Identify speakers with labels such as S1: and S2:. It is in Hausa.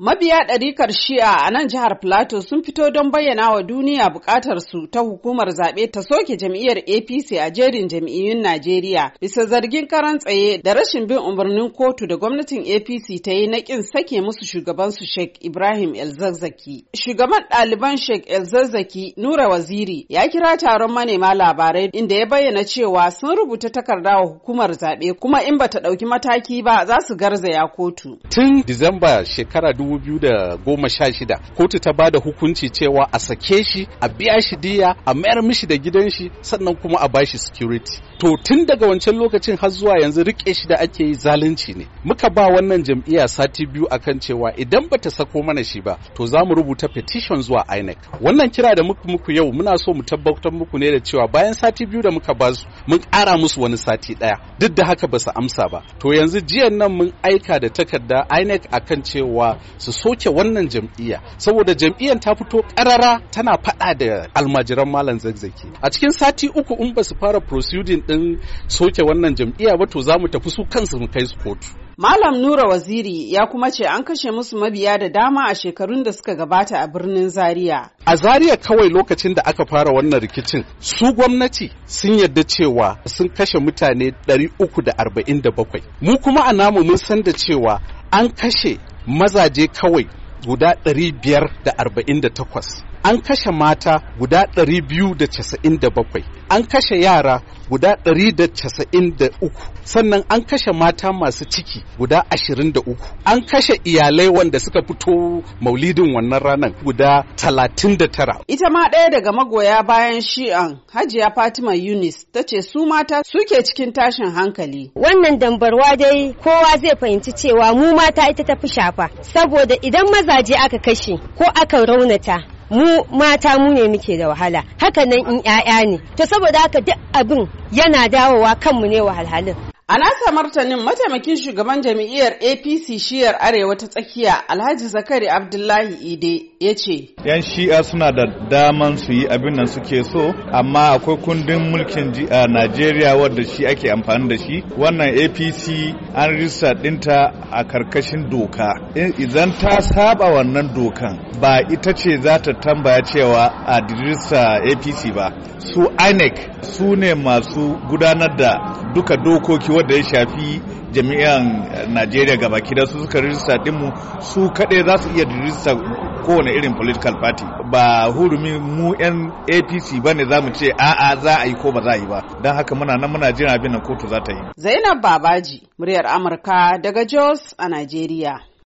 S1: Mabiya ɗarikar Shi'a a nan jihar Plateau sun fito don bayyana wa duniya su ta hukumar zaɓe ta soke jam'iyyar APC a jerin jam'iyyun Najeriya bisa zargin karan tsaye da rashin bin umarnin kotu da gwamnatin APC ta yi naƙin sake musu shugaban su Sheikh Ibrahim Elzazzaki. Shugaban ɗaliban Sheikh Elzazzaki Nura Waziri ya kira taron manema labarai inda ya bayyana cewa sun rubuta takarda wa hukumar zaɓe kuma in bata ɗauki mataki ba za su garzaya kotu.
S2: Tun Disamba shekara 2016 kotu ta ba da hukunci cewa a sake shi a biya shi diya a mayar mishi da gidan shi sannan kuma a bashi security to tun daga wancan lokacin har zuwa yanzu rike shi da ake yi zalunci ne muka ba wannan jam'iyya sati biyu akan cewa idan ba ta sako mana shi ba to za mu rubuta petition zuwa INEC wannan kira da muku muku yau muna so mu tabbatar muku ne da cewa bayan sati biyu da muka basu mun ƙara musu wani sati ɗaya duk da haka ba su amsa ba to yanzu jiyan nan mun aika da takarda INEC akan cewa su soke wannan jam'iyya saboda jam'iyyar ta fito karara tana faɗa da almajiran malam zazzaki a cikin sati uku in ba su fara proceeding din soke wannan jam'iyya ba to za mu tafi su kansu mu kai su kotu
S1: Malam Nura Waziri ya kuma ce an kashe musu mabiya da dama a shekarun da suka gabata a birnin Zaria.
S2: A Zaria kawai lokacin da aka fara wannan rikicin, su gwamnati sun yarda cewa sun kashe mutane 347. Mu kuma a namu mun san da cewa an kashe mazaje kawai guda 548 an kashe mata guda 297 an kashe yara guda 193 sannan an kashe mata masu ciki guda 23 an kashe iyalai wanda suka fito maulidin wannan ranar guda 39
S1: ita ma ɗaya daga magoya bayan shi'an hajiya fatima yunis ta ce su mata suke cikin tashin hankali wannan dambarwa dai kowa zai fahimci cewa mu mata ita ta fi shafa saboda idan mazaje aka kashe ko aka raunata mu mata mu ne muke da wahala haka nan in 'ya'ya ne to saboda haka duk abin yana dawowa kanmu ne wahalhalin A nasa martanin mataimakin shugaban jam'iyyar APC shiyar Arewa ta tsakiya Alhaji Zakari Abdullahi Ide ya ce.
S3: 'Yan shi'a suna da daman su yi abin nan suke so, amma akwai kundin mulkin a Najeriya wadda shi ake amfani da shi. Wannan APC an rista ɗinta a karkashin doka. Idan ta saba wannan dokan ba ita ce za ta tambaya cewa a APC ba. Su INEC su ne masu gudanar da duka dokoki wadda ya shafi jami'an eh, najeriya ga baki da su suka rijista dinmu su kaɗai za su iya rijista kowane irin political party ba hurumin mu yan apc ba ne za mu ce a'a za a yi ko ba za a yi ba don haka muna nan muna jira abin na kotu za ta yi
S1: zainab babaji muryar amurka daga jos a najeriya